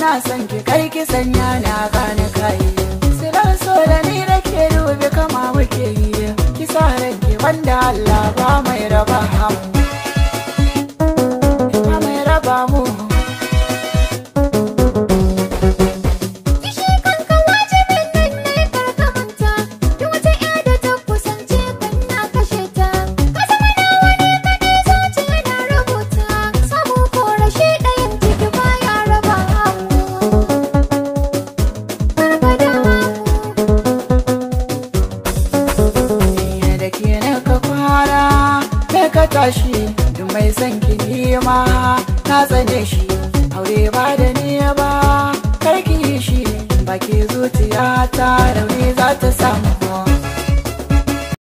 ina son ki kai kisan sanya na gane kai sirar so da ni nake dubi kama muke yi ki sa ranki wanda Allah ba mai raba hamu ka tashi duk mai son ki ma na tsane shi aure ba da ni ba kar karki shi baki zuciya ta da